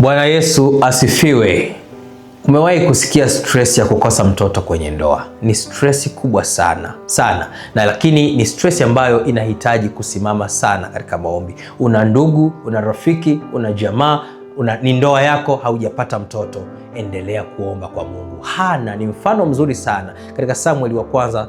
Bwana Yesu asifiwe. Umewahi kusikia stress ya kukosa mtoto kwenye ndoa? Ni stress kubwa sana sana, na lakini ni stress ambayo inahitaji kusimama sana katika maombi. Una ndugu, una rafiki, una jamaa una, ni ndoa yako haujapata mtoto, endelea kuomba kwa Mungu. Hana ni mfano mzuri sana katika Samueli wa kwanza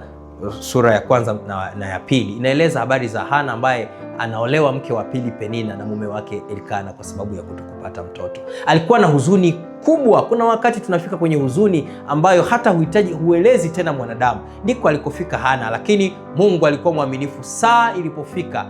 sura ya kwanza na, na ya pili inaeleza habari za Hana ambaye anaolewa mke wa pili Penina na mume wake Elkana kwa sababu ya kutokupata mtoto. Alikuwa na huzuni kubwa. Kuna wakati tunafika kwenye huzuni ambayo hata huhitaji huelezi tena mwanadamu, ndiko alikofika Hana, lakini Mungu alikuwa mwaminifu. Saa ilipofika,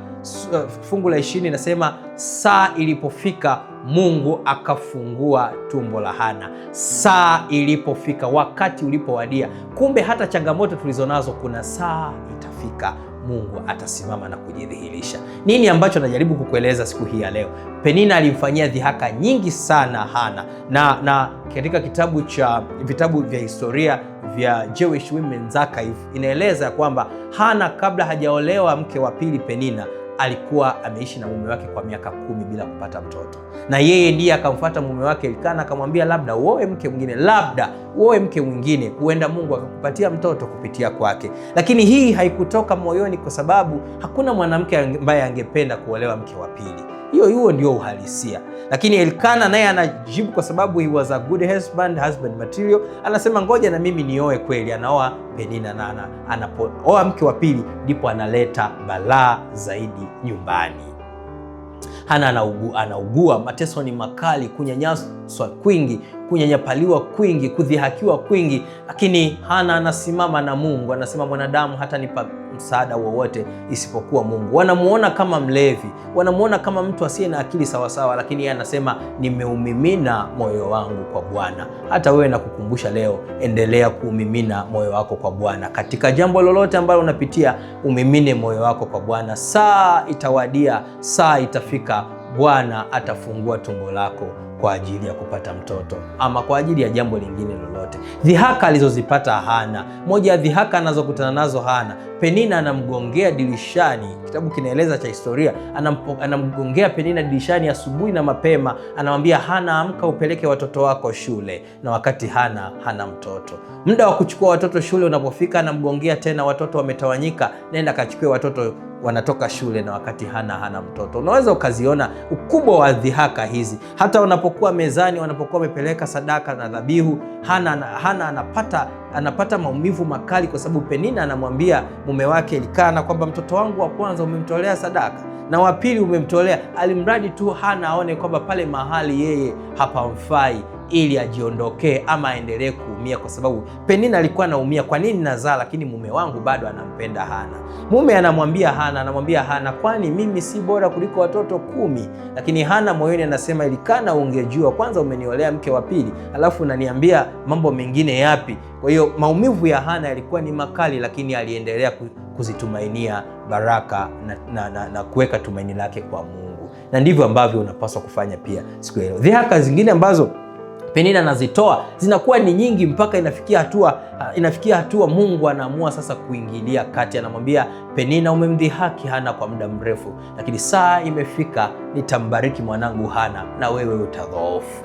uh, fungu la ishirini inasema saa ilipofika Mungu akafungua tumbo la Hana saa ilipofika, wakati ulipowadia. Kumbe hata changamoto tulizonazo kuna saa itafika Mungu atasimama na kujidhihirisha. Nini ambacho najaribu kukueleza siku hii ya leo? Penina alimfanyia dhihaka nyingi sana Hana, na na katika kitabu cha vitabu vya historia vya Jewish Women's Archive inaeleza kwamba Hana kabla hajaolewa mke wa pili Penina alikuwa ameishi na mume wake kwa miaka kumi bila kupata mtoto, na yeye ndiye akamfuata mume wake Elkana akamwambia, labda uoe mke mwingine, labda uoe mke mwingine, huenda Mungu akakupatia mtoto kupitia kwake. Lakini hii haikutoka moyoni, kwa sababu hakuna mwanamke ambaye angependa kuolewa mke wa pili hiyo hiyo ndio uhalisia. Lakini Elkana naye anajibu kwa sababu he was a good husband, husband material, anasema ngoja na mimi nioe kweli. Anaoa Penina na anapooa mke wa pili ndipo analeta balaa zaidi nyumbani. Hana anaugua, anaugua mateso ni makali, kunyanyaswa kwingi, kunyanyapaliwa kwingi, kudhihakiwa kwingi, lakini Hana anasimama na Mungu, anasema mwanadamu hata nipa msaada wowote isipokuwa Mungu. Wanamuona kama mlevi, wanamuona kama mtu asiye na akili sawasawa, lakini yeye anasema nimeumimina moyo wangu kwa Bwana. Hata wewe nakukumbusha leo, endelea kuumimina moyo wako kwa Bwana. Katika jambo lolote ambalo unapitia, umimine moyo wako kwa Bwana. Saa itawadia, saa itafika, Bwana atafungua tumbo lako kwa ajili ya kupata mtoto ama kwa ajili ya jambo lingine lolote. Dhihaka alizozipata Hana, moja ya dhihaka anazokutana nazo Hana, Penina anamgongea dirishani, kitabu kinaeleza cha historia, anamgongea Penina dirishani asubuhi na mapema, anamwambia Hana, amka upeleke watoto wako shule, na wakati Hana hana mtoto. Muda wa kuchukua watoto shule unapofika, anamgongea tena, watoto wametawanyika, nenda kachukue watoto wanatoka shule na wakati hana hana mtoto. Unaweza ukaziona ukubwa wa dhihaka hizi, hata wanapokuwa mezani, wanapokuwa wamepeleka sadaka na dhabihu, hana, hana anapata anapata maumivu makali, kwa sababu Penina anamwambia mume wake Elikana kwamba mtoto wangu wa kwanza umemtolea sadaka na wa pili umemtolea, alimradi tu Hana aone kwamba pale mahali yeye hapamfai ili ajiondokee ama aendelee kuumia, kwa sababu Penina alikuwa anaumia, kwa nini nazaa lakini mume wangu bado anampenda Hana? Mume anamwambia Hana, anamwambia Hana, kwani mimi si bora kuliko watoto kumi? Lakini Hana moyoni anasema ilikana ungejua kwanza umeniolea mke wa pili, alafu unaniambia mambo mengine yapi? Kwa hiyo maumivu ya Hana yalikuwa ni makali, lakini aliendelea kuzitumainia baraka na, na, na, na kuweka tumaini lake kwa Mungu, na ndivyo ambavyo unapaswa kufanya pia siku ya leo. Dhihaka zingine ambazo Penina anazitoa zinakuwa ni nyingi mpaka inafikia hatua, uh, inafikia hatua Mungu anaamua sasa kuingilia kati, anamwambia Penina, umemdhihaki Hana kwa muda mrefu, lakini saa imefika, nitambariki mwanangu Hana na wewe utadhoofu.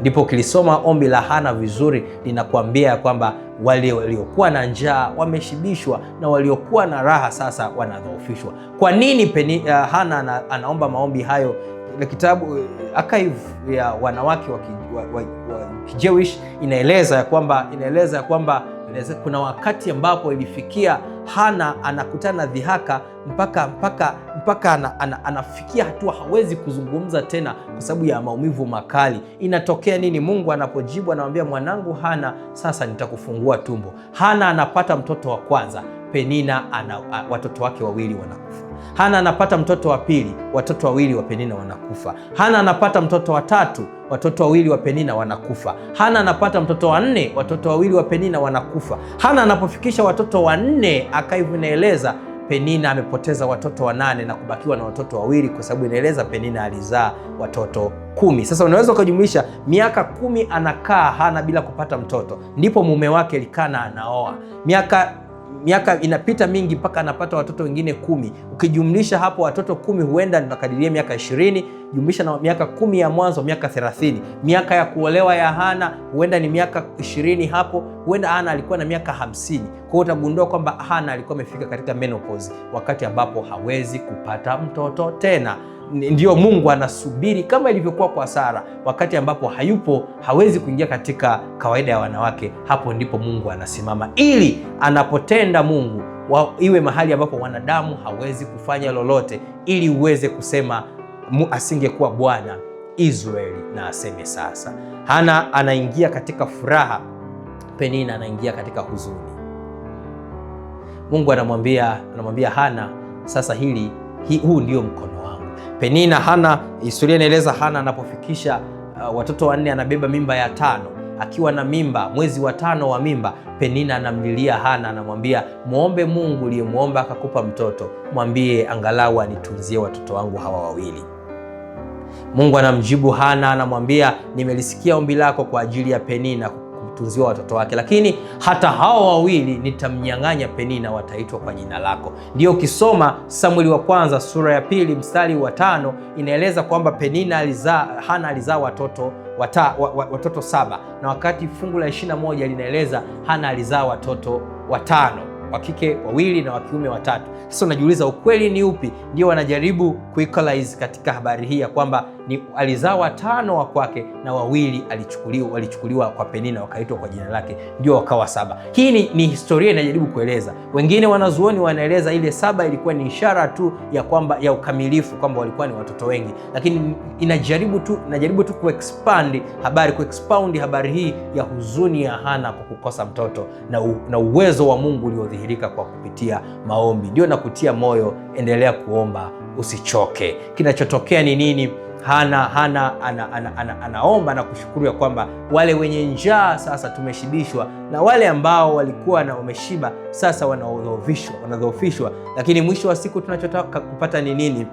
Ndipo ukilisoma ombi la Hana vizuri linakuambia ya kwamba wale waliokuwa na njaa wameshibishwa na waliokuwa na raha sasa wanadhoofishwa. Kwa nini Peni, uh, Hana ana, anaomba maombi hayo kitabu archive ya wanawake wa, wa, wa, wa inaeleza ya kwamba inaeleza ya kwamba kuna wakati ambapo ilifikia Hana anakutana dhihaka mpaka mpaka mpaka ana, ana, anafikia hatua hawezi kuzungumza tena kwa sababu ya maumivu makali. Inatokea nini? Mungu anapojibu anamwambia mwanangu Hana, sasa nitakufungua tumbo. Hana anapata mtoto wa kwanza, Penina ana watoto wake wawili wanakufa. Hana anapata mtoto wa pili, watoto wawili wa Penina wanakufa. Hana anapata mtoto wa tatu, watoto wawili wa Penina wanakufa. Hana anapata mtoto wa nne, watoto wawili wa Penina wanakufa. Hana anapofikisha watoto wanne, akaivu naeleza Penina amepoteza watoto wanane na kubakiwa na watoto wawili, kwa sababu inaeleza Penina alizaa watoto kumi. Sasa unaweza ukajumuisha miaka kumi anakaa Hana bila kupata mtoto, ndipo mume wake Elikana anaoa miaka miaka inapita mingi mpaka anapata watoto wengine kumi. Ukijumlisha hapo watoto kumi, huenda nakadiria miaka ishirini, jumlisha na miaka kumi ya mwanzo, miaka thelathini. Miaka ya kuolewa ya Hana huenda ni miaka ishirini hapo, huenda Hana alikuwa na miaka hamsini. Kwa hiyo utagundua kwamba Hana alikuwa amefika katika menopause, wakati ambapo hawezi kupata mtoto tena ndio Mungu anasubiri kama ilivyokuwa kwa Sara, wakati ambapo hayupo, hawezi kuingia katika kawaida ya wanawake. Hapo ndipo Mungu anasimama ili anapotenda Mungu wa, iwe mahali ambapo wanadamu hawezi kufanya lolote, ili uweze kusema asingekuwa Bwana Israeli na aseme sasa. Hana anaingia katika furaha, Penina anaingia katika huzuni. Mungu anamwambia anamwambia Hana, sasa hili hii, huu ndio mkono wa Penina Hana, historia inaeleza Hana anapofikisha uh, watoto wanne anabeba mimba ya tano. Akiwa na mimba mwezi wa tano wa mimba, Penina anamlilia Hana, anamwambia muombe Mungu uliyemwomba akakupa mtoto, mwambie angalau anitunzie watoto wangu hawa wawili. Mungu anamjibu Hana, anamwambia nimelisikia ombi lako kwa ajili ya Penina kutunziwa watoto wake, lakini hata hao wawili nitamnyang'anya Penina, wataitwa kwa jina lako. Ndiyo, ukisoma Samueli wa kwanza sura ya pili mstari wa tano inaeleza kwamba Penina alizaa, Hana alizaa watoto wata, watoto saba, na wakati fungu la 21 linaeleza Hana alizaa watoto watano wa kike wawili na wa kiume watatu. Sasa unajiuliza ukweli ni upi? Ndio wanajaribu kuikolaize katika habari hii ya kwamba ni alizaa watano wa kwake na wawili alichukuliwa, walichukuliwa kwa Penina wakaitwa kwa jina lake, ndio wakawa saba. Hii ni, ni historia inajaribu kueleza. Wengine wanazuoni wanaeleza ile saba ilikuwa ni ishara tu ya kwamba ya ukamilifu kwamba walikuwa ni watoto wengi, lakini inajaribu tu inajaribu tu kuexpand habari kuexpound habari hii ya huzuni ya Hana kwa kukosa mtoto na, u, na uwezo wa Mungu uliodhihirika kwa kupitia maombi. Ndio nakutia moyo, endelea kuomba, usichoke. Kinachotokea ni nini? hana hana ana, ana, ana, anaomba na kushukuru ya kwamba wale wenye njaa sasa tumeshibishwa, na wale ambao walikuwa na wameshiba sasa wanadhoofishwa, wanadhoofishwa. Lakini mwisho wa siku tunachotaka kupata ni nini?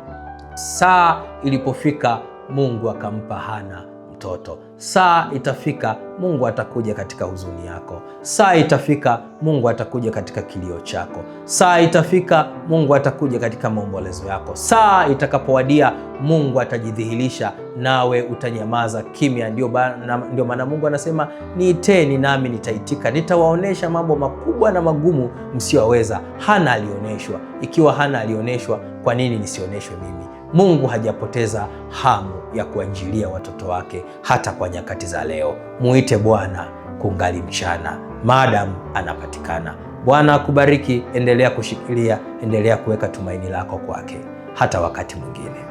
Saa ilipofika Mungu akampa Hana mtoto. Saa itafika, Mungu atakuja katika huzuni yako. Saa itafika, Mungu atakuja katika kilio chako. Saa itafika, Mungu atakuja katika maombolezo yako. Saa itakapowadia, Mungu atajidhihirisha, nawe utanyamaza kimya. Ndio maana Mungu anasema niiteni, nami nitaitika, nitawaonesha mambo makubwa na magumu msiyoweza. Hana alioneshwa. Ikiwa Hana alioneshwa, kwa nini nisioneshwe mimi? Mungu hajapoteza hamu ya kuajilia watoto wake hata kwa nyakati za leo. Muite Bwana kungali mchana, maadamu anapatikana. Bwana akubariki, endelea kushikilia, endelea kuweka tumaini lako kwake hata wakati mwingine.